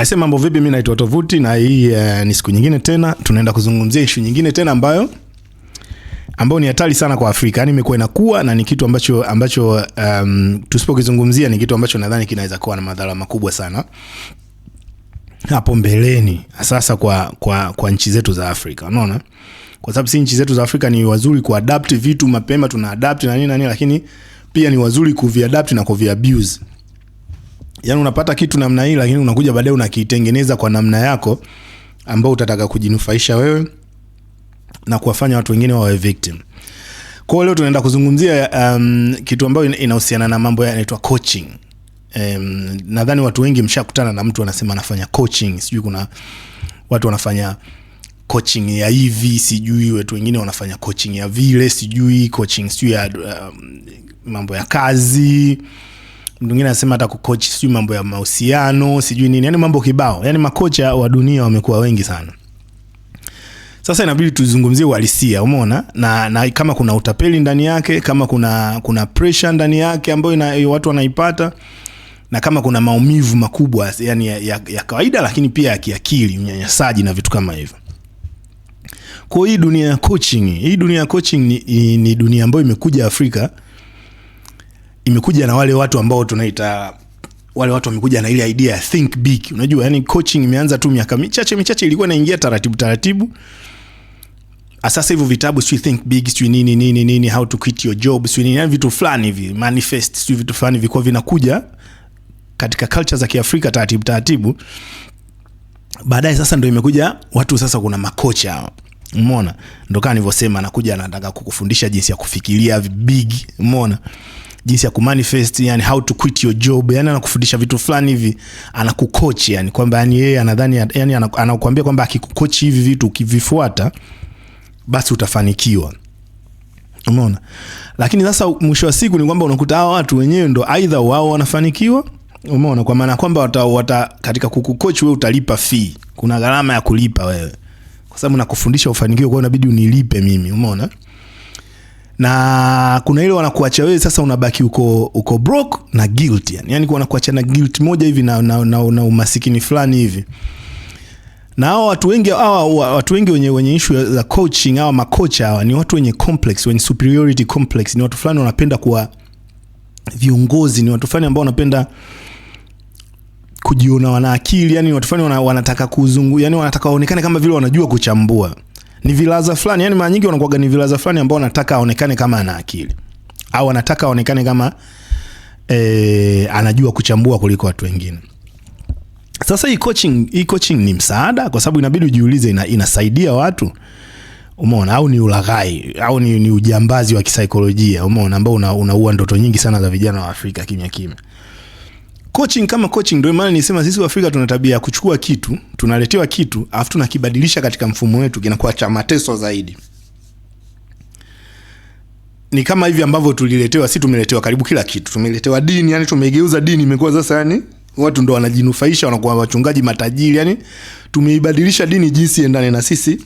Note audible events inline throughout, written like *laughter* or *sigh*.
aise mambo vipi? Mimi naitwa Tovuti na hii uh, ni siku nyingine tena tunaenda kuzungumzia issue nyingine tena ambayo ambayo ni hatari sana kwa Afrika. Yaani imekuwa inakuwa na ni kitu ambacho ambacho um, tusipokizungumzia ni kitu ambacho nadhani kinaweza kuwa na madhara makubwa sana hapo mbeleni, sasa kwa, kwa, kwa nchi zetu za Afrika. Unaona? Kwa sababu si nchi zetu za Afrika ni wazuri kuadapt vitu mapema, tunaadapt na nini na nini, lakini pia ni wazuri kuviadapt na kuviabuse yani unapata kitu namna hii, lakini unakuja baadaye unakitengeneza kwa namna yako ambao utataka kujinufaisha wewe na kuwafanya watu wengine wawe victim. Kwa leo tunaenda kuzungumzia um, kitu ambayo inahusiana na mambo yanaitwa coaching. Um, nadhani watu wengi mshakutana na mtu anasema anafanya coaching, sijui kuna watu wanafanya coaching ya hivi, sijui watu wengine wanafanya coaching ya vile, sijui coaching sijui ya um, mambo ya kazi mtu mwingine anasema hata kukoch sijui mambo ya mahusiano sijui nini, yani mambo kibao, yani makocha wa dunia wamekuwa wengi sana. Sasa inabidi tuzungumzie uhalisia, umeona na, na kama kuna utapeli ndani yake, kama kuna kuna pressure ndani yake ambayo ina, watu wanaipata na kama kuna maumivu makubwa yani ya, ya, ya kawaida lakini pia ya kiakili, unyanyasaji na vitu kama hivyo. Kwa hii dunia ya coaching, hii dunia ya coaching ni, ni, ni dunia ambayo imekuja Afrika imekuja na wale watu ambao tunaita wale watu wamekuja na ile idea ya think big. Unajua, yani coaching imeanza tu miaka michache michache, ilikuwa inaingia taratibu taratibu. Ah, sasa hivyo vitabu sio think big, sio nini nini nini, how to quit your job, sio nini, yani vitu fulani hivi, manifest, sio vitu fulani vilikuwa vinakuja katika culture za Kiafrika taratibu taratibu. Baadaye sasa ndio imekuja watu, sasa kuna makocha hao Umeona, ndo kama nilivyosema, anakuja anataka kukufundisha jinsi ya kufikiria big. Umeona jinsi ya kumanifest, yani how to quit your job, yani anakufundisha vitu fulani hivi, anakukoach yani kwamba yani yeye anadhani yani anakuambia kwamba akikukoach hivi vitu ukivifuata basi utafanikiwa. Umeona? Lakini sasa mwisho wa siku ni kwamba unakuta hao watu wenyewe ndo aidha wao wanafanikiwa, umeona, kwa maana kwamba wata, wata katika kukucoach wewe utalipa fee, kuna gharama ya kulipa wewe, kwa sababu nakufundisha ufanikiwe, kwa hiyo inabidi unilipe mimi, umeona na kuna ile wanakuacha wewe sasa unabaki uko uko broke na guilt yani, yani wanakuacha na guilt moja hivi na, na, na, na umasikini fulani hivi na hao watu wengi hawa watu wengi wenye, wenye issue za coaching hawa makocha hawa ni watu wenye complex, wenye superiority complex, ni watu fulani wanapenda kuwa viongozi, ni watu fulani ambao wanapenda kujiona wana akili, yani watu fulani wanataka kuzungu, yani wanataka waonekane kama vile wanajua kuchambua ni vilaza fulani, yani mara nyingi wanakuwa ni vilaza fulani ambao wanataka aonekane kama ana akili au anataka aonekane kama e, anajua kuchambua kuliko watu wengine. Sasa hii coaching, hii coaching ni msaada kwa sababu inabidi ujiulize ina, inasaidia watu umeona, au ni ulaghai au ni, ni ujambazi wa kisaikolojia umeona, ambao unaua una ndoto nyingi sana za vijana wa Afrika kimya kimya coaching kama coaching, ndio maana nisema sisi Waafrika tuna tabia ya kuchukua kitu, tunaletewa kitu afu tunakibadilisha katika mfumo wetu, kinakuwa cha mateso zaidi. Ni kama hivi ambavyo tuliletewa, si tumeletewa karibu kila kitu, tumeletewa dini, yani tumegeuza dini imekuwa sasa, yani watu ndo wanajinufaisha, wanakuwa wachungaji matajiri, yani tumeibadilisha dini jinsi endane na sisi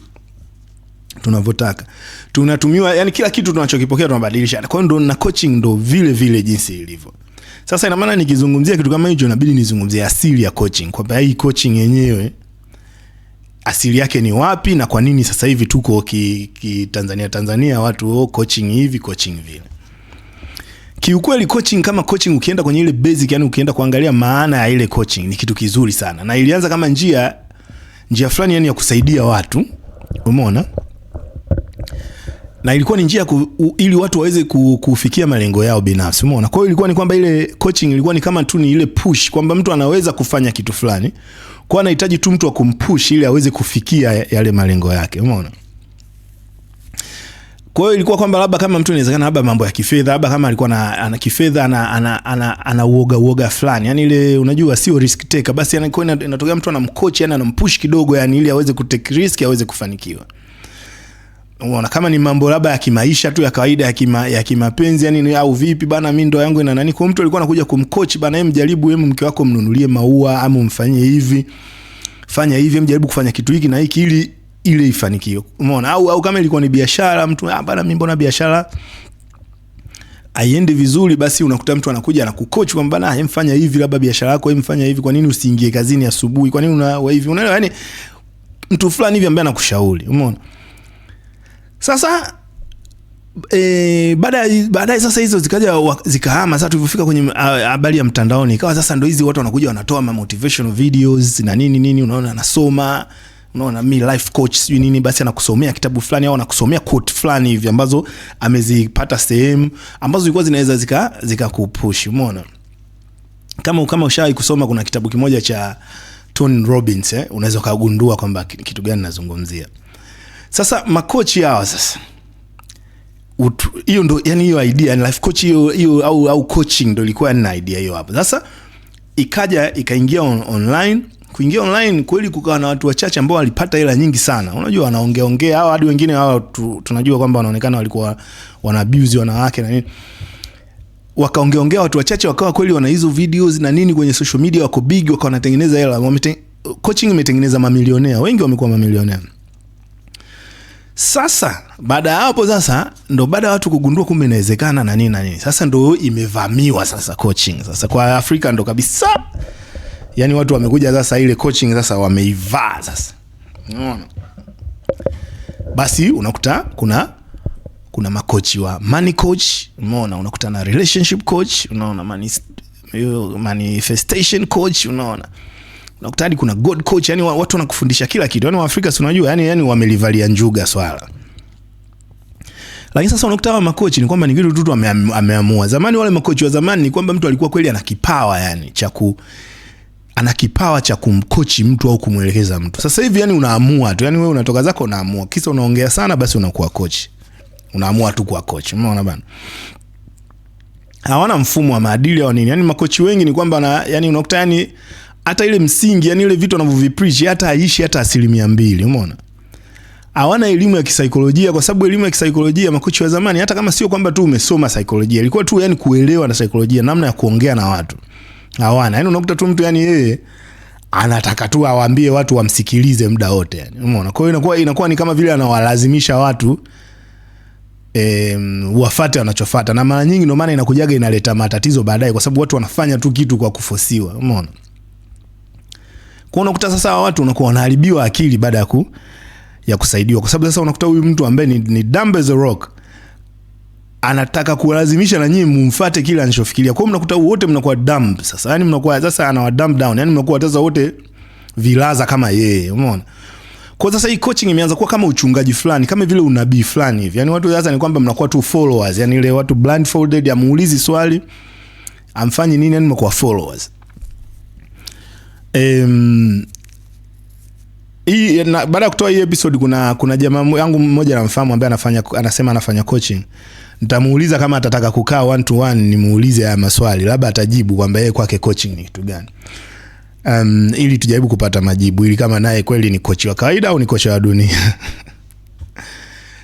tunavyotaka tunatumiwa, yani kila kitu tunachokipokea tunabadilisha. Kwa hiyo ndo na coaching ndo vile vile jinsi ilivyo. Sasa ina maana nikizungumzia kitu kama hicho inabidi nizungumzie asili ya coaching, kwamba hii coaching yenyewe asili yake ni wapi na kwa nini sasa hivi tuko ki, ki Tanzania Tanzania watu oh, coaching hivi coaching vile. Kiukweli coaching kama coaching, ukienda kwenye ile basic, yani ukienda kuangalia maana ya ile coaching ni kitu kizuri sana, na ilianza kama njia njia fulani yani ya kusaidia watu, umeona na ilikuwa ni njia ku, u, ili watu waweze ku, kufikia malengo yao binafsi, umeona. Kwa hiyo ilikuwa ni kwamba ile coaching ilikuwa ni kama tu ni ile push kwamba mtu anaweza kufanya kitu fulani, kwa anahitaji tu mtu akumpush ili aweze kufikia yale malengo yake, umeona. Kwa hiyo ilikuwa kwamba labda kama mtu inawezekana labda mambo ya kifedha, labda kama alikuwa na ana kifedha ana ana ana, ana uoga uoga fulani. yani ile unajua sio risk taker. Basi anakuwa inatokea mtu anamcoach, yani anampush kidogo yani ili aweze kutake risk, aweze kufanikiwa unaona kama ni mambo labda ya kimaisha tu ya kawaida ya kima, ya kimapenzi yani au vipi bana, mimi ndoa yangu ina nani. Kwa mtu alikuwa anakuja kumcoach bana, yeye mjaribu, yeye mke wako mnunulie maua ama mfanyie hivi fanya hivi, mjaribu kufanya kitu hiki na hiki ili ile ifanikiwe, umeona. Au au kama ilikuwa ni biashara, mtu ah, bana, mimi mbona biashara aiende vizuri, basi unakuta mtu anakuja anakucoach kwamba bana, hem fanya hivi, labda biashara yako hem fanya hivi, kwa nini usiingie kazini asubuhi? Kwa nini una hivi, unaelewa? Yani mtu fulani hivi ambaye anakushauri, umeona. Sasa e, baadaye sasa hizo zikaja zikahama. Sasa tulivyofika kwenye habari ya mtandaoni, ikawa sasa ndo hizi watu wanakuja wanatoa ma motivational videos na nini nini, unaona anasoma unaona mi life coach sijui nini, basi anakusomea kitabu fulani au anakusomea quote fulani hivi ambazo amezipata sehemu ambazo zilikuwa zinaweza zika zikakupush. Umeona kama kama ushawahi kusoma, kuna kitabu kimoja cha Tony Robbins eh, unaweza kugundua kwamba kitu gani nazungumzia. Sasa makochi hawa sasa hiyo ndo yani hiyo idea yani life coach hiyo hiyo au au coaching ndo ilikuwa na idea hiyo hapo. Sasa ikaja ikaingia on, online. Kuingia online kweli kukawa na watu wachache ambao walipata hela nyingi sana. Unajua wanaongea ongea hao hadi wengine hao tu, tunajua kwamba wanaonekana walikuwa wana abuse wanawake na nini. Wakaongea ongea watu wachache wakawa kweli wana hizo videos na nini kwenye social media wako big wakawa wanatengeneza hela. Coaching imetengeneza mamilionea. Wengi wamekuwa mamilionea. Sasa baada ya hapo sasa ndo baada ya watu kugundua kumbe inawezekana na nini na nini, sasa ndo imevamiwa sasa coaching sasa kwa Afrika ndo kabisa, yani watu wamekuja sasa ile coaching sasa wameivaa sasa, unaona. Basi unakuta kuna kuna makochi wa money coach, unaona, unakuta na relationship coach, unaona, manifestation coach, unaona daktari, kuna god coach, yani watu wanakufundisha kila kitu. Yani Waafrika si unajua, yani yani wamelivalia njuga swala. Lakini sasa unakuta hawa makochi ni kwamba ni vitu tu ameamua. Zamani wale makochi wa zamani ni kwamba mtu alikuwa kweli ana kipawa yani cha ku ana kipawa cha kumkochi mtu au kumwelekeza mtu. Sasa hivi yani unaamua tu. Yani wewe unatoka zako unaamua. Kisa unaongea sana basi unakuwa kochi. Unaamua tu kuwa kochi. Umeona bana? Hawana mfumo wa maadili au nini. Yani makochi wengi ni kwamba na yani unakuta yani hata ile msingi, yani ile vitu anavyovipreach hata aishi hata asilimia mbili, umeona? Hawana elimu ya kisaikolojia, kwa sababu elimu ya kisaikolojia makochi wa zamani, hata kama sio kwamba tu umesoma saikolojia, ilikuwa tu yani kuelewa na saikolojia, namna ya kuongea na watu hawana. Yani unakuta tu mtu yani yeye anataka tu awaambie watu wamsikilize muda wote yani, umeona? Kwa hiyo inakuwa inakuwa ni kama vile anawalazimisha watu E, wafate wanachofata na mara nyingi ndio maana inakujaga inaleta matatizo baadaye, kwa sababu watu wanafanya tu kitu kwa kufosiwa, umeona. Kwa unakuta sasa watu wanakuwa wanaharibiwa akili baada ya ku, ya kusaidiwa kwa sababu sasa unakuta huyu mtu ambaye ni, ni dumb as a rock anataka kuwalazimisha na nyinyi mumfuate kile anachofikiria. Kwa hiyo mnakuta wote mnakuwa dumb sasa, yani mnakuwa sasa anawa dumb down, yani mnakuwa sasa wote vilaza kama yeye, umeona? Kwa sasa hii coaching imeanza kuwa kama uchungaji fulani, kama vile unabii fulani hivi. Yani watu sasa ni kwamba mnakuwa tu followers, yani ile watu blindfolded, amuulizi swali amfanye nini, yani mnakuwa followers. Um, hii baada ya kutoa hii episode kuna kuna jamaa yangu mmoja namfahamu ambaye anafanya anasema anafanya coaching. Nitamuuliza kama atataka kukaa one to one nimuulize haya maswali, labda atajibu kwamba yeye kwake coaching ni kitu gani. Um, ili tujaribu kupata majibu ili kama naye kweli ni kochi wa kawaida au ni kochi wa dunia. *laughs*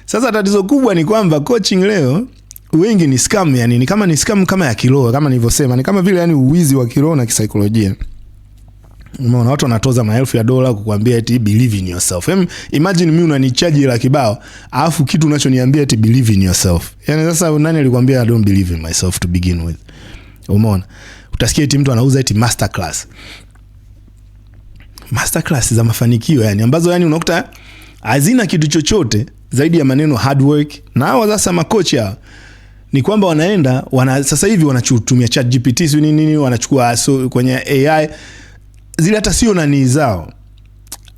Sasa tatizo kubwa ni kwamba coaching leo wengi ni scam, yani ni kama ni scam kama ya kiroho, kama nilivyosema, ni kama vile yani uwizi wa kiroho na kisaikolojia. Umeona watu wanatoza maelfu ya dola kukuambia eti believe in yourself. Em, yaani, imagine mimi unanichaji laki bao, alafu kitu unachoniambia eti believe in yourself. Yaani sasa nani alikwambia I don't believe in myself to begin with? Umeona? Utasikia eti mtu anauza eti masterclass. Masterclass za mafanikio yani ambazo yani unakuta hazina kitu chochote zaidi ya maneno hard work. Na hawa sasa makocha ni kwamba wanaenda wana, sasa hivi wanachutumia ChatGPT si nini nini, wanachukua so, kwenye AI zile hata sio nani zao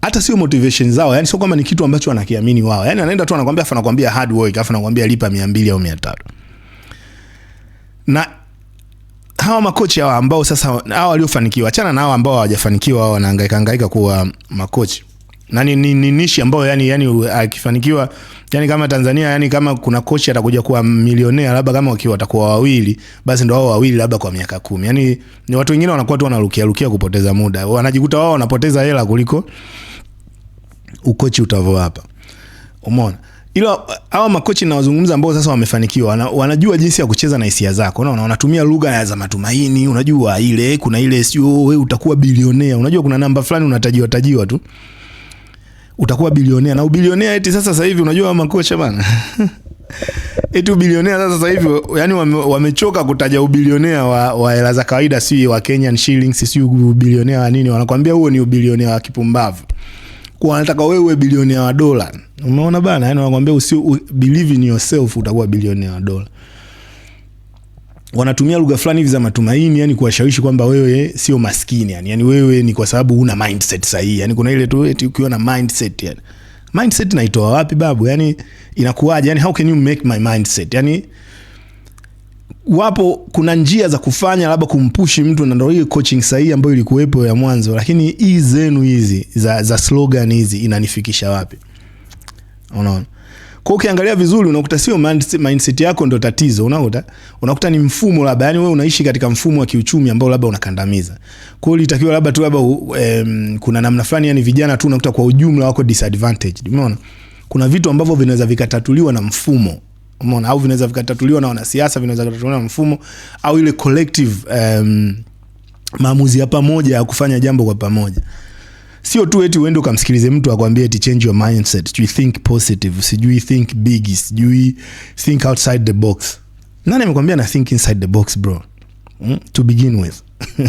hata sio motivation zao, yani sio kwamba ni kitu ambacho wanakiamini wao. Yani anaenda tu anakuambia, afa anakuambia hard work, afa anakuambia lipa 200 au 300. Na hawa makochi hawa ambao sasa hawa waliofanikiwa, achana na hawa ambao hawajafanikiwa, wao wanahangaika hangaika kuwa makochi na ni, ni, nishi ambayo yani yani akifanikiwa yani kama Tanzania yani kama kuna kochi atakuja kuwa milionea labda kama wakiwa watakuwa wawili basi ndo wao wawili labda kwa miaka kumi. Yani ni watu wengine wanakuwa tu wanarukia rukia kupoteza muda. Wanajikuta wao wanapoteza hela kuliko ukochi utavowapa. Umeona? Ila hawa makochi nawazungumza ambao sasa wamefanikiwa wana, wanajua jinsi ya kucheza na hisia zako. Unaona, wanatumia lugha za matumaini. Unajua ile kuna ile sio wewe utakuwa bilionea. Unajua kuna namba fulani unatajiwa tajiwa tu utakuwa bilionea na ubilionea eti sasa sasa hivi unajua makocha bana *laughs* eti ubilionea sasa sasa hivi yani wame, wamechoka kutaja ubilionea wa, wa hela za kawaida si wa Kenyan shillings si ubilionea wa nini wanakwambia huo ni ubilionea wa kipumbavu kwa wanataka wewe uwe bilionea wa dola umeona bana yani wanakwambia usi believe in yourself utakuwa bilionea wa dola wanatumia lugha fulani hivi za matumaini, yani kuwashawishi kwamba wewe sio maskini yani, yani wewe ni kwa sababu una mindset sahihi. Yani kuna ile tu eti ukiwa na mindset yani, mindset naitoa wapi babu? Yani inakuwaje? Yani how can you make my mindset? Yani wapo kuna njia za kufanya labda kumpushi mtu, na ndio hiyo coaching sahihi ambayo ilikuwepo ya mwanzo, lakini hii zenu hizi za, za slogan hizi inanifikisha wapi? Unaona kwa ukiangalia vizuri unakuta sio mindset yako ndo tatizo, unakuta unakuta ni mfumo labda, yani wewe unaishi katika mfumo wa kiuchumi ambao labda unakandamiza. Kwa hiyo litakiwa labda tu labda um, kuna namna fulani, yani vijana tu unakuta kwa ujumla wako disadvantaged, umeona? Kuna vitu ambavyo vinaweza vikatatuliwa na mfumo, umeona, au vinaweza vikatatuliwa na wanasiasa, vinaweza vikatatuliwa na mfumo au ile collective um, maamuzi ya pamoja ya kufanya jambo kwa pamoja sio tu eti uende ukamsikilize mtu akwambie eti change your mindset, sijui think positive, sijui think big, sijui think outside the box. Nani amekwambia na think inside the box bro? Mm, to begin with *laughs*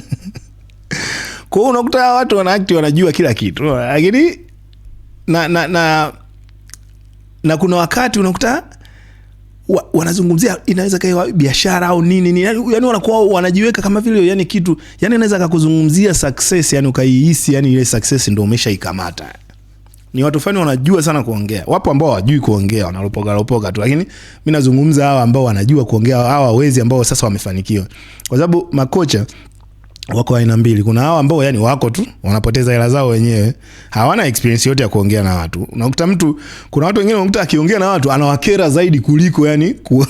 kwa unakuta watu wanaakti wanajua kila kitu, lakini na, na, na, na kuna wakati unakuta wanazungumzia inaweza kawa biashara au nini nini, yani wanakuwa wanajiweka kama vile yani kitu yani anaweza akakuzungumzia success, yani ukaihisi yani ile success ndio umeshaikamata. Ni watu fani wanajua sana kuongea, wapo ambao hawajui kuongea, wanalopoga lopoga tu, lakini mimi nazungumza hawa ambao wanajua kuongea, hawa wezi ambao sasa wamefanikiwa, kwa sababu makocha wako aina mbili. Kuna hao ambao yani wako tu wanapoteza hela zao wenyewe, hawana experience yote ya kuongea na watu. Unakuta mtu, kuna watu wengine unakuta akiongea na watu anawakera zaidi kuliko yani ku... *laughs*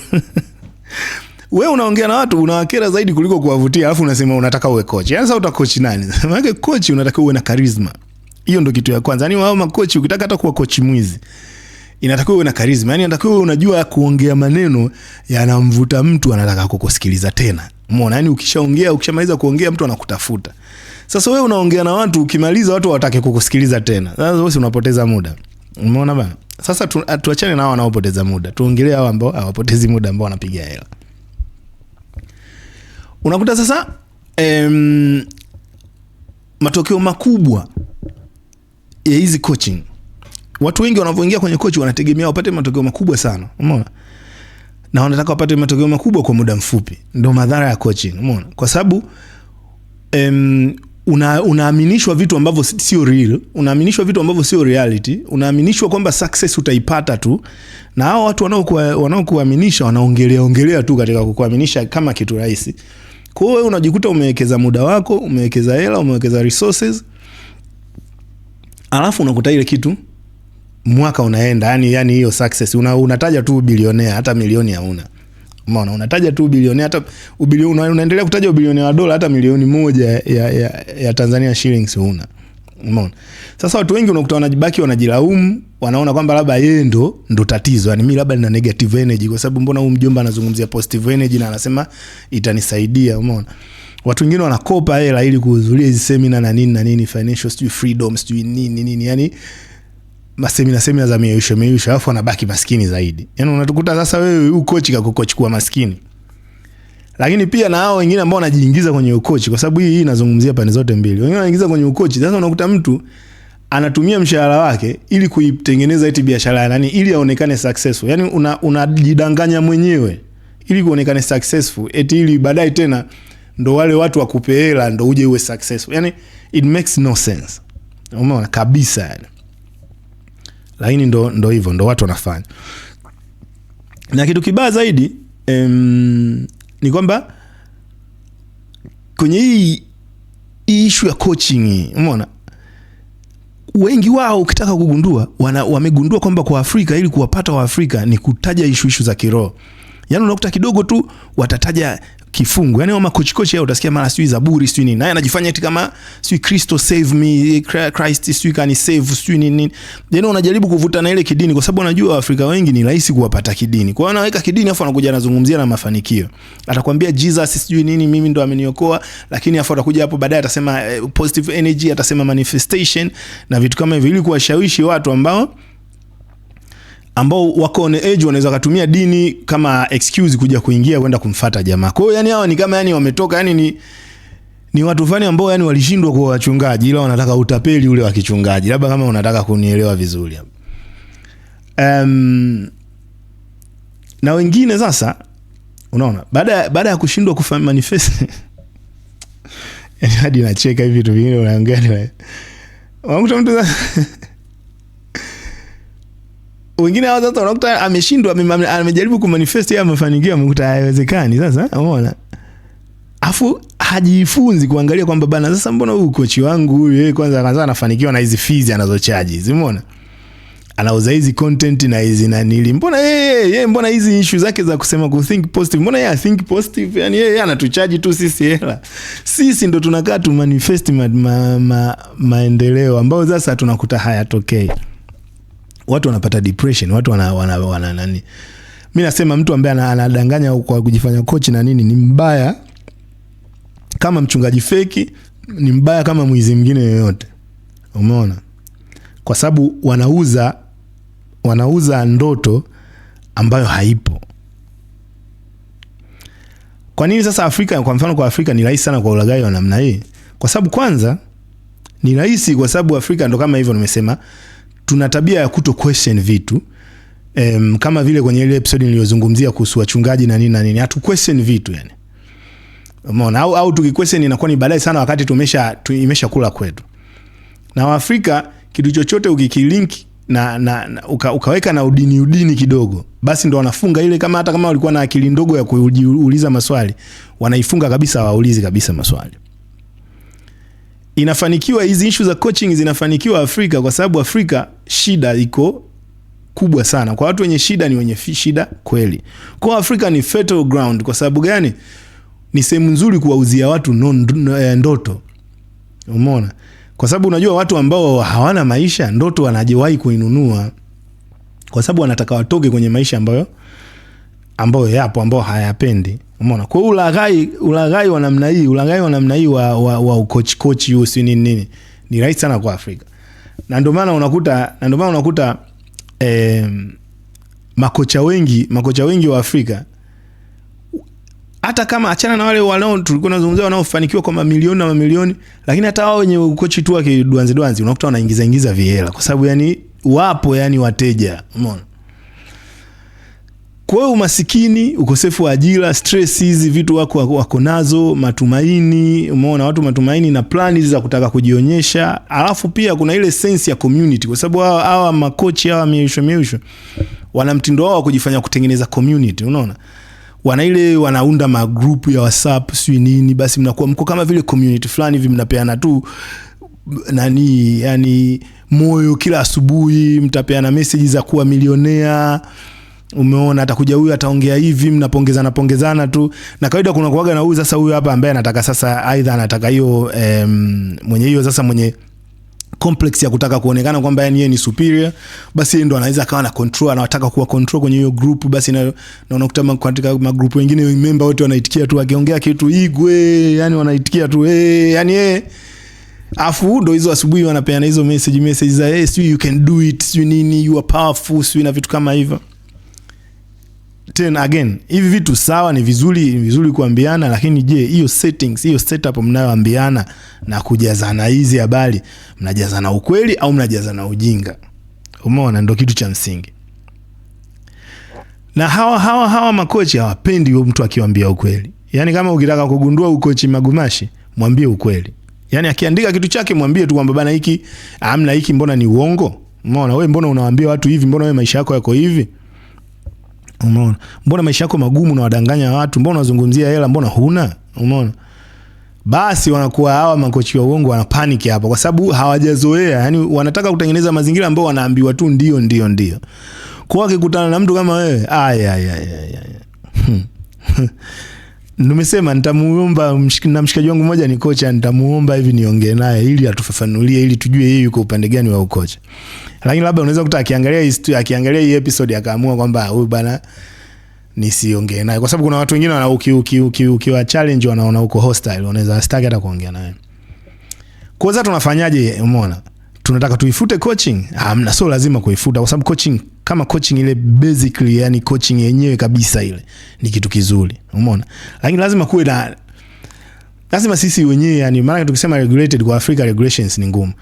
wewe unaongea na watu unawakera zaidi kuliko kuwavutia, alafu unasema unataka uwe coach. Yani sasa utakochi nani? *laughs* Maana coach unataka uwe na charisma. Hiyo ndo kitu ya kwanza. Yani wao makochi, ukitaka hata kuwa kochi mwizi inatakiwa uwe na karizma, yani inatakiwa unajua kuongea maneno yanamvuta mtu, anataka kukusikiliza tena. Umeona, yani ukishaongea, ukishamaliza kuongea mtu anakutafuta. Sasa wewe unaongea na watu, ukimaliza watu hawataki kukusikiliza tena. Sasa wewe unapoteza muda. Umeona bana? Sasa tu, ah, tuachane na hao wanaopoteza muda, tuongelee hao ambao hawapotezi muda, ambao wanapiga hela. Unakuta sasa em, matokeo makubwa ya hizi coaching Watu wengi wanavyoingia kwenye kochi wanategemea wapate matokeo makubwa sana, umeona, na wanataka wapate matokeo makubwa kwa muda mfupi. ndo madhara ya coaching, umeona, kwa sababu em, una, unaaminishwa vitu ambavyo sio real, unaaminishwa vitu ambavyo sio reality, unaaminishwa kwamba success utaipata tu, na hao watu wanaokuwa wanaokuaminisha wanaongelea ongelea tu katika kukuaminisha kama kitu rahisi. Kwa hiyo unajikuta umewekeza muda wako, umewekeza hela, umewekeza resources, alafu unakuta ile kitu mwaka unaenda, yani yani hiyo success una, unataja tu bilionea, hata milioni hauna. Umeona, unataja tu bilionea, hata ubilioni unaendelea kutaja ubilionea wa dola, hata milioni moja ya, ya, ya Tanzania shillings huna. Umeona, sasa watu wengi unakuta wanajibaki wanajilaumu, wanaona kwamba labda yeye ndo ndo tatizo, yani mimi labda nina negative energy, kwa sababu mbona huyu mjomba anazungumzia positive energy na anasema itanisaidia. Umeona, watu wengine wanakopa hela ili kuhudhuria hizo seminar na nini na nini, financial freedom sijui nini nini, yani masemina semina za miyeyusho miyeyusho, alafu anabaki maskini zaidi. Yani unatukuta sasa wewe ukochi kakukochi kuwa maskini, lakini pia na hao wengine ambao wanajiingiza kwenye ukochi, kwa sababu hii inazungumzia pande zote mbili. Wengine wanaingiza kwenye ukochi, sasa unakuta mtu anatumia mshahara wake ili kuitengeneza eti biashara ya nani, ili aonekane successful. Yani unajidanganya una mwenyewe ili kuonekane successful, eti ili baadaye tena ndo wale watu wakupe hela ndo uje uwe successful. Yani it makes no sense, umeona kabisa yani lakini ndo, ndo hivyo ndo watu wanafanya. Na kitu kibaya zaidi em, ni kwamba kwenye hii ishu issue ya coaching, umeona wengi wao ukitaka kugundua wana, wamegundua kwamba kwa Afrika ili kuwapata Waafrika ni kutaja ishu ishu za kiroho, yaani unakuta kidogo tu watataja kifungu. Yani wama kochi yao utasikia mara sijui Zaburi sijui nini. Naye anajifanya eti kama sijui Kristo save me, Christ sijui kani save sijui nini. Then yaani unajaribu kuvuta na ile kidini kwa sababu unajua Waafrika wengi ni rahisi kuwapata kidini. Kwa hiyo anaweka kidini afu anakuja anazungumzia na mafanikio. Atakwambia Jesus sijui nini mimi ndo ameniokoa, lakini afu atakuja hapo baadaye atasema eh, positive energy, atasema manifestation na vitu kama hivyo ili kuwashawishi watu ambao ambao wako on edge wanaweza kutumia dini kama excuse kuja kuingia kwenda kumfata jamaa. Kwa hiyo yani hawa ni kama yani wametoka yani ni ni watu fulani ambao yani walishindwa kuwa wachungaji ila wanataka utapeli ule wa kichungaji. Labda kama unataka kunielewa vizuri hapa. Um, na wengine sasa unaona baada baada ya kushindwa kufa manifest *laughs* yani hadi nacheka hivi vitu vingine unaongea. ni wewe. Wangu mtu *laughs* wengine hao sasa unakuta ameshindwa, amejaribu kumanifest yeye amefanikiwa, amekuta haiwezekani. Sasa umeona, afu hajifunzi kuangalia kwamba bana, sasa mbona huyu kochi wangu huyu yeye kwanza kwanza anafanikiwa na hizi fees anazochaji, umeona anauza hizi content na hizi nanili, mbona yeye yeye, mbona hizi issue zake za kusema ku think positive, mbona yeye think positive? Yani yeye anatuchaji tu sisi hela, sisi ndo tunakaa tu manifest ma, ma, ma, maendeleo ambayo sasa tunakuta hayatokei. Okay watu wanapata depression, watu wana, wana, wana nani. Mi nasema mtu ambaye anadanganya kwa kujifanya kochi na nini ni mbaya kama mchungaji feki, ni mbaya kama mwizi mwingine yoyote, umeona? Kwa sababu wanauza wanauza ndoto ambayo haipo. Kwa nini sasa Afrika, kwa mfano kwa Afrika ni rahisi sana kwa ulagai wa namna hii? Kwa sababu kwanza ni rahisi, kwa sababu Afrika ndo kama hivyo nimesema tuna tabia ya kuto question vitu um, kama vile kwenye ile episode niliyozungumzia kuhusu wachungaji na nini na nini, hatu question vitu yani, umeona au, au tukiquestion inakuwa ni baadaye sana, wakati tumesha tu, imesha kula kwetu. Na Waafrika kitu chochote ukikilink na, na, na uka, ukaweka na udini udini kidogo, basi ndo wanafunga ile, kama hata kama walikuwa na akili ndogo ya kujiuliza maswali, wanaifunga kabisa, waulizi kabisa maswali inafanikiwa hizi issue za coaching zinafanikiwa Afrika kwa sababu Afrika shida iko kubwa sana. Kwa watu wenye shida ni wenye shida kweli. Kwa Afrika ni fertile ground kwa sababu gani? Ni sehemu nzuri kuwauzia watu eh, ndoto. Umeona? Kwa sababu unajua watu ambao hawana maisha ndoto wanajiwahi kuinunua kwa sababu wanataka watoke kwenye maisha ambayo ambayo yapo ambayo hayapendi. Umeona? Kwa hiyo ulaghai, ulaghai wa namna hii, ulaghai wa namna hii wa wa, wa ukochi kochi huu si nini nini. Ni rahisi sana kwa Afrika. Na ndio maana unakuta na ndio maana unakuta eh, makocha wengi, makocha wengi wa Afrika hata kama achana na wale wanao tulikuwa tunazungumzia wanaofanikiwa kwa mamilioni na mamilioni, lakini hata wao wenye ukochi tu wa kidwanzi dwanzi, unakuta wanaingiza ingiza vihela kwa sababu yani wapo yani wateja, umeona? Kwa hiyo umasikini, ukosefu wa ajira, stress hizi vitu wako wako nazo, matumaini, umeona watu matumaini na plani za kutaka kujionyesha, alafu pia kuna ile sense ya community, kwa sababu hawa hawa makochi hawa miisho miisho wana mtindo wao wa kujifanya kutengeneza community, unaona wana ile wanaunda magrupu ya WhatsApp sijui nini, basi mnakuwa mko kama vile community fulani hivi, mnapeana tu nani, yani moyo kila asubuhi, mtapeana meseji za kuwa milionea Umeona, atakuja huyu ataongea hivi, mnapongezana pongezana tu, na kawaida kuna kuaga na huyu sasa, huyu hapa ambaye anataka sasa, aidha anataka hiyo um, mwenye hiyo sasa mwenye complex ya kutaka kuonekana kwamba yeye ni superior, basi ndo anaweza akawa na control, anataka kuwa control kwenye hiyo group. Basi na naona kutama katika magrupu mengine member wote wanaitikia tu, akiongea kitu igwe, yani wanaitikia tu eh, yani eh Afu ndo hizo asubuhi wanapeana hizo message message za hey, eh, you can do it, you nini, you are powerful, sijui na vitu kama hivyo. Tena again, hivi vitu sawa, ni vizuri ni vizuri kuambiana, lakini je, hiyo settings hiyo setup mnayoambiana na kujazana hizi habari, mnajazana ukweli au mnajazana ujinga? Umeona, ndio kitu cha msingi. Na hawa hawa hawa makochi hawapendi huyo mtu akiwaambia ukweli. yani kama ukitaka kugundua ukochi Magumashi, mwambie ukweli. yani akiandika kitu chake mwambie tu kwamba bana, hiki amna hiki, mbona ni uongo? Umeona wewe, mbona unawaambia watu hivi? Mbona wewe maisha yako yako hivi? Unaona, mbona maisha yako magumu na wadanganya watu? Mbona unazungumzia hela? Mbona huna? Unaona, basi wanakuwa hawa makochi wa uongo wana panic hapa, kwa sababu hawajazoea. Yani wanataka kutengeneza mazingira ambayo wanaambiwa tu ndio, ndio, ndio. Kwa wakikutana na mtu kama wewe, aya, aya, aya, aya. Hmm. *laughs* Nimesema nitamuomba na mshikaji wangu mmoja ni kocha, nitamuomba hivi niongee naye ili atufafanulie ili tujue yeye yuko upande gani wa ukocha. Lakini labda unaweza kuta akiangalia hii akiangalia hii episode akaamua kwamba huyu bana nisiongee naye, kwa sababu kuna watu wengine wana ukiwa challenge wanaona uko hostile, wanaweza wasitaki hata kuongea naye. Kwa tunafanyaje? Umeona, tunataka tuifute coaching? Hamna, sio lazima kuifuta, kwa sababu coaching kama coaching ile basically, yani coaching yenyewe kabisa ile ni kitu kizuri, umeona, lakini lazima kuwe na lazima sisi wenyewe yani, maana tukisema regulated kwa Afrika regulations ni ngumu,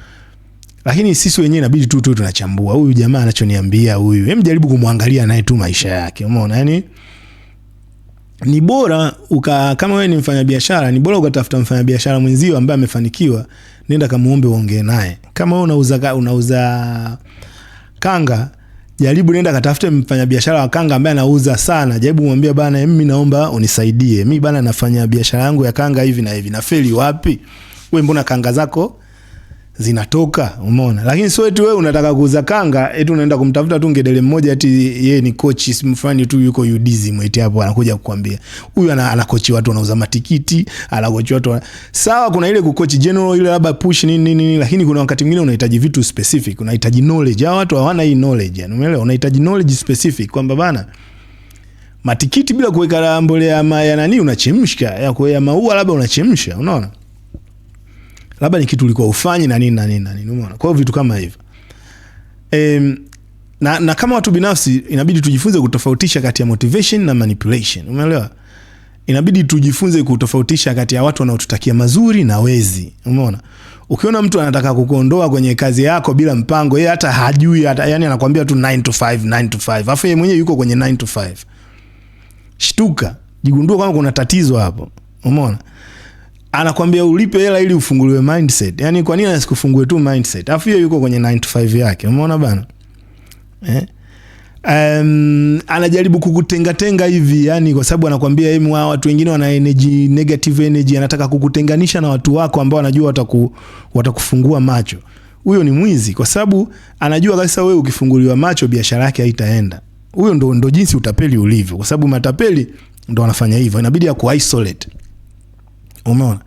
lakini sisi wenyewe inabidi tu tu tunachambua huyu jamaa anachoniambia huyu, hem, jaribu kumwangalia naye tu maisha yake, umeona yani ni bora uka, kama wewe ni mfanyabiashara, ni bora ukatafuta mfanyabiashara mwenzio ambaye amefanikiwa, nenda kamuombe uongee naye. Kama wewe unauza unauza kanga, jaribu nenda katafute mfanyabiashara wa kanga ambaye anauza sana, jaribu mwambie bana, mimi naomba unisaidie, mi bana nafanya biashara yangu ya kanga hivi na hivi, nafeli wapi? Wewe mbona kanga zako zinatoka umeona, lakini sio eti wewe unataka kuuza kanga eti unaenda kumtafuta tu ngedele mmoja eti yeye ni coach mfani tu yuko UDSM eti hapo anakuja kukwambia huyu ana, ana watu wanauza matikiti, anakochi watu wana... Sawa, kuna ile kukochi general ile labda push nini nini nini, lakini kuna wakati mwingine unahitaji vitu specific, unahitaji knowledge. Hawa watu hawana hii knowledge, yani umeelewa, unahitaji knowledge specific kwamba bana matikiti bila kuweka mbolea ya nani unachemsha ya, kuweka maua labda unachemsha, unaona labda ni kitu ulikuwa ufanyi na nini na nini na nini, umeona? Kwa hiyo vitu kama hivyo e, na, na kama watu binafsi inabidi tujifunze kutofautisha kati ya motivation na manipulation, umeelewa? Inabidi tujifunze kutofautisha kati ya watu wanaotutakia mazuri na wezi, umeona? Ukiona mtu anataka kukuondoa kwenye kazi yako bila mpango, yeye hata hajui hata, yani anakuambia tu 9 to 5 9 to 5, alafu yeye mwenyewe yuko kwenye 9 to 5. Shtuka, jigundua kwamba kuna tatizo hapo, umeona? anakwambia ulipe hela ili ufunguliwe mindset. Yani kwa nini asikufungue tu mindset? Afu hiyo yuko kwenye 9 to 5 yake, umeona bana eh? Um, anajaribu kukutengatenga hivi yani, kwa sababu anakwambia hemu hawa watu wengine wana energy, negative energy, anataka kukutenganisha na watu wako ambao anajua wataku, watakufungua macho. Huyo ni mwizi, kwa sababu anajua kabisa wewe ukifunguliwa macho biashara yake haitaenda. Huyo ndo, ndo jinsi utapeli ulivyo, kwa sababu matapeli ndo wanafanya hivyo, inabidi ya ku isolate Umeona?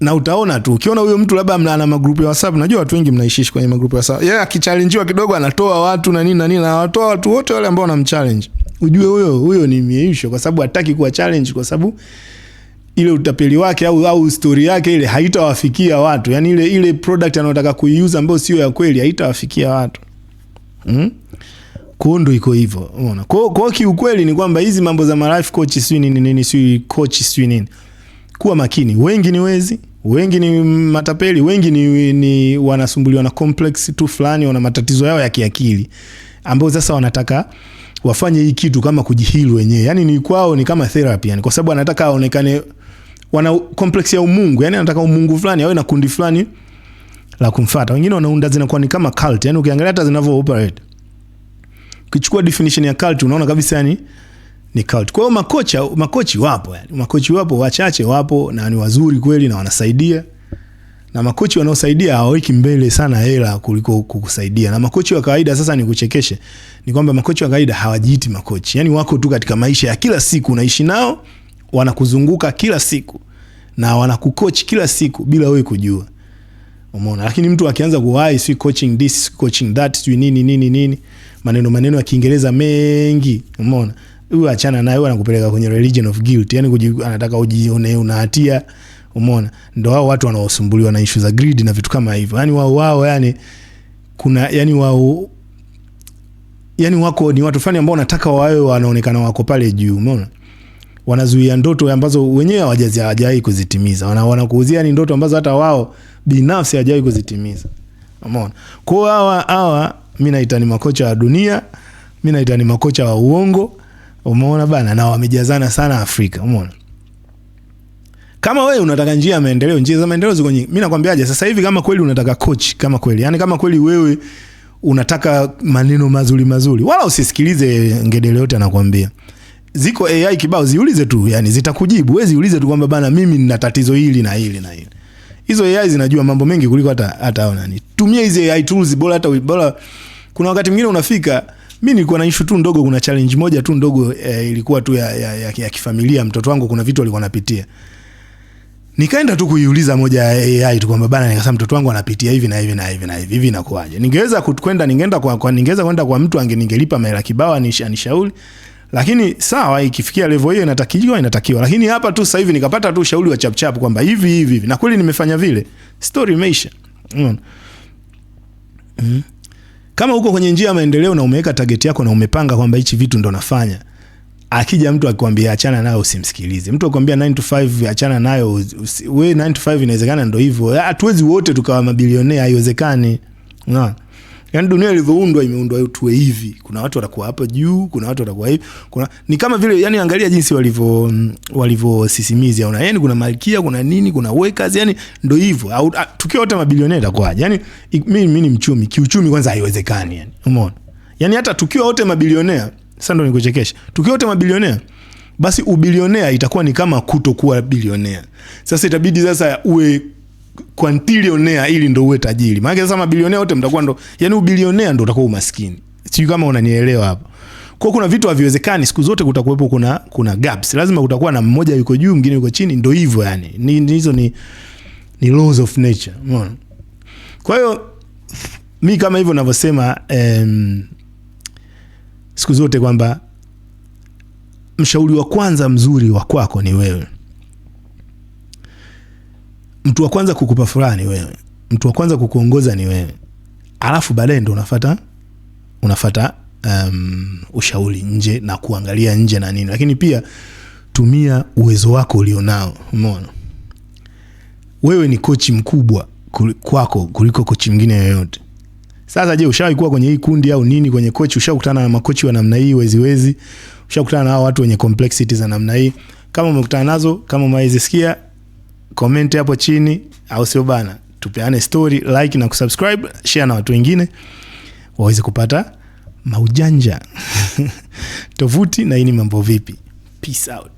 na utaona tu ukiona huyo mtu labda mna ana magrupu ya WhatsApp. Najua watu wengi mnaishishi kwenye magrupu ya WhatsApp. Yeye yeah, akichallenjiwa kidogo anatoa watu na nini na nini, anatoa watu wote wale ambao wanamchallenge. Ujue huyo huyo ni mieisho, kwa sababu hataki kuwa challenge, kwa sababu ile utapeli wake au au story yake ile haitawafikia watu, yani ile ile product anayotaka kuiuza ambayo sio ya kweli haitawafikia watu mm? Kundo iko hivyo, unaona. Kwa kwa kiukweli ni kwamba hizi mambo za marafiki coach sio nini nini, sio coach sio nini kuwa makini. Wengi ni wezi, wengi ni matapeli, wengi ni, ni wanasumbuliwa na complex tu fulani, wana matatizo yao ya kiakili ambao sasa wanataka wafanye hii kitu kama kujihili wenyewe, yani ni kwao, ni kama therapy yani, kwa sababu anataka aonekane wana complex ya umungu, yani anataka umungu fulani awe na kundi fulani la kumfuata. Wengine wanaunda zinakuwa ni kama cult, yani ukiangalia hata zinavyo operate, ukichukua definition ya cult unaona kabisa yani ni cult. Kwa hiyo makocha, makochi wapo yani. Makochi wapo wachache wapo na ni wazuri kweli na wanasaidia. Na makochi wanaosaidia hawaiki mbele sana hela kuliko kukusaidia. Na makochi wa kawaida sasa ni kuchekeshe. Ni kwamba makochi wa kawaida hawajiiti makochi. Yaani wako tu katika maisha ya kila siku unaishi nao, wanakuzunguka kila siku na wanakukochi kila siku bila wewe kujua. Umeona? Lakini mtu akianza kuwai si coaching this, coaching that, si nini nini nini, maneno maneno ya Kiingereza mengi. Umeona? huyu achana naye, anakupeleka kwenye religion of guilt, yani kuji, anataka ujione una hatia. Umeona, ndo hao watu wanaosumbuliwa na issue za greed na vitu kama hivyo, yani wao wao, yani kuna yani wao yani wako ni watu fulani ambao wanataka wawe wanaonekana wako pale juu, umeona wanazuia ndoto ambazo wenyewe hawajazi hawajai kuzitimiza. Wanakuuzia ni ndoto ambazo hata wao binafsi hawajai kuzitimiza. Umeona? Kwa hawa hawa mimi naita ni makocha wa dunia, mimi naita ni makocha wa uongo, Umeona bana, na wamejazana sana Afrika. Umeona kama wewe unataka njia ya maendeleo, njia za maendeleo ziko nyingi. Mimi nakwambiaje, sasa hivi kama kweli unataka coach, kama kweli yani, kama kweli wewe unataka maneno mazuri mazuri, wala usisikilize ngedele yote anakwambia Ziko AI kibao, ziulize tu, yani zitakujibu. Wewe ziulize tu kwamba bana, mimi nina tatizo hili na hili na hili. Hizo AI zinajua mambo mengi kuliko hata hata nani. Tumia hizi AI tools bora, hata bora. Kuna wakati mwingine unafika mi nilikuwa na ishu tu ndogo, kuna challenge moja tu ndogo eh, ilikuwa tu ya, ya, ya, ya kifamilia. Mtoto wangu kuna vitu alikuwa anapitia, nikaenda tu kuiuliza moja ya AI tu kwamba bana, nikasema mtoto wangu anapitia hivi na hivi na hivi na hivi hivi, inakuaje? Ningeweza kwenda ningeenda kwa, kwa ningeweza kwenda kwa mtu ange ningelipa mahela kibao anishauri, lakini sawa, ikifikia level hiyo inatakiwa inatakiwa, lakini hapa tu sasa hivi nikapata tu ushauri wa chapchap kwamba hivi hivi hivi, na kweli nimefanya vile, story imeisha. mm. mm. Kama uko kwenye njia ya maendeleo na umeweka target yako na umepanga kwamba hichi vitu ndo nafanya, akija mtu akikwambia achana nayo usimsikilize. Mtu akikwambia 9 to 5 achana nayo, wewe 9 to 5 inawezekana ndo hivyo. Hatuwezi wote tukawa mabilionea, haiwezekani. Unaona? yani dunia ilivyoundwa imeundwa tuwe hivi. Kuna watu watakuwa hapa juu, kuna watu watakuwa hivi. Kuna ni kama vile yani angalia jinsi walivyo walivyosisimiza. Una yani yaani kuna malkia, kuna nini, kuna workers, yani ndo hivyo. Au tukiwa wote mabilionea itakuwaje? Yani mimi mimi ni mchumi, kiuchumi kwanza haiwezekani yani. Umeona? Yani hata tukiwa wote mabilionea, sasa ndio nikuchekesha. Tukiwa wote mabilionea basi ubilionea itakuwa ni kama kutokuwa bilionea. Sasa itabidi sasa uwe kwantilionea ili ndo uwe tajiri. Maanake sasa mabilionea wote mtakuwa ndo, yani ubilionea ndo utakuwa umaskini. Sijui kama unanielewa hapo. Kwa kuna vitu haviwezekani, siku zote kutakuwepo kuna kuna gaps. Lazima kutakuwa na mmoja yuko juu, mwingine yuko chini, ndo hivyo yani. Ni hizo ni ni laws of nature. Umeona? Kwa hiyo mi kama hivyo navyosema, um, siku zote kwamba mshauri wa kwanza mzuri wa kwako ni wewe mtu wa kwanza kukupa furaha ni wewe, mtu wa kwanza kukuongoza ni wewe, alafu baadaye ndo unafata unafata um, ushauri nje na kuangalia nje na nini, lakini pia tumia uwezo wako ulionao. Umeona, wewe ni kochi mkubwa kwako kuliko kochi mwingine yoyote. Sasa je, ushawahi kuwa kwenye hii kundi au nini kwenye kochi? Ushakutana na makochi wa namna hii weziwezi? Ushakutana na hao watu wenye complexity za namna hii? Kama umekutana nazo, kama umeizisikia comment hapo chini, au sio bana? Tupeane story, like na kusubscribe, share na watu wengine waweze kupata maujanja. *laughs* Tovuti na hii ni Mambo Vipi. Peace out.